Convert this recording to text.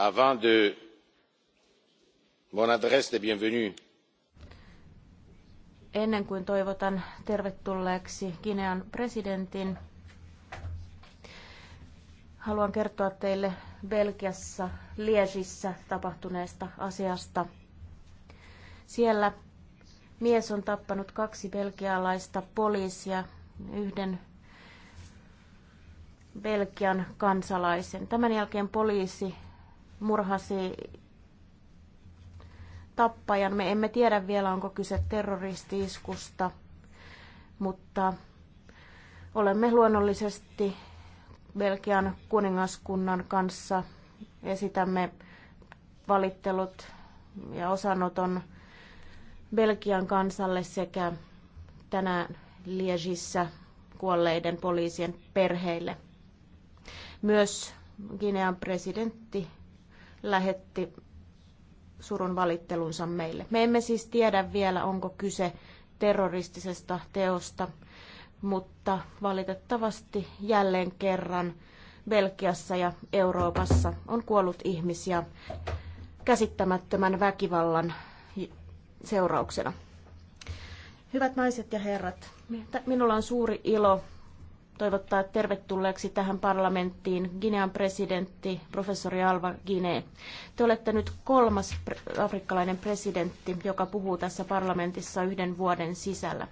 avant de mon adresse de bienvenue ennen kuin toivotan tervetulleeksi Kinean presidentin, haluan kertoa teille Belgiassa Liesissä tapahtuneesta asiasta. Siellä mies on tappanut kaksi belgialaista poliisia, yhden Belgian kansalaisen. Tämän jälkeen poliisi murhasi tappajan. Me emme tiedä vielä, onko kyse terroristiiskusta, mutta olemme luonnollisesti Belgian kuningaskunnan kanssa esitämme valittelut ja osanoton Belgian kansalle sekä tänään Liegissä kuolleiden poliisien perheille. Myös Ginean presidentti lähetti surun valittelunsa meille. Me emme siis tiedä vielä, onko kyse terroristisesta teosta, mutta valitettavasti jälleen kerran Belgiassa ja Euroopassa on kuollut ihmisiä käsittämättömän väkivallan seurauksena. Hyvät naiset ja herrat, minulla on suuri ilo toivottaa tervetulleeksi tähän parlamenttiin Ginean presidentti, professori Alva Gine. Te olette nyt kolmas afrikkalainen presidentti, joka puhuu tässä parlamentissa yhden vuoden sisällä.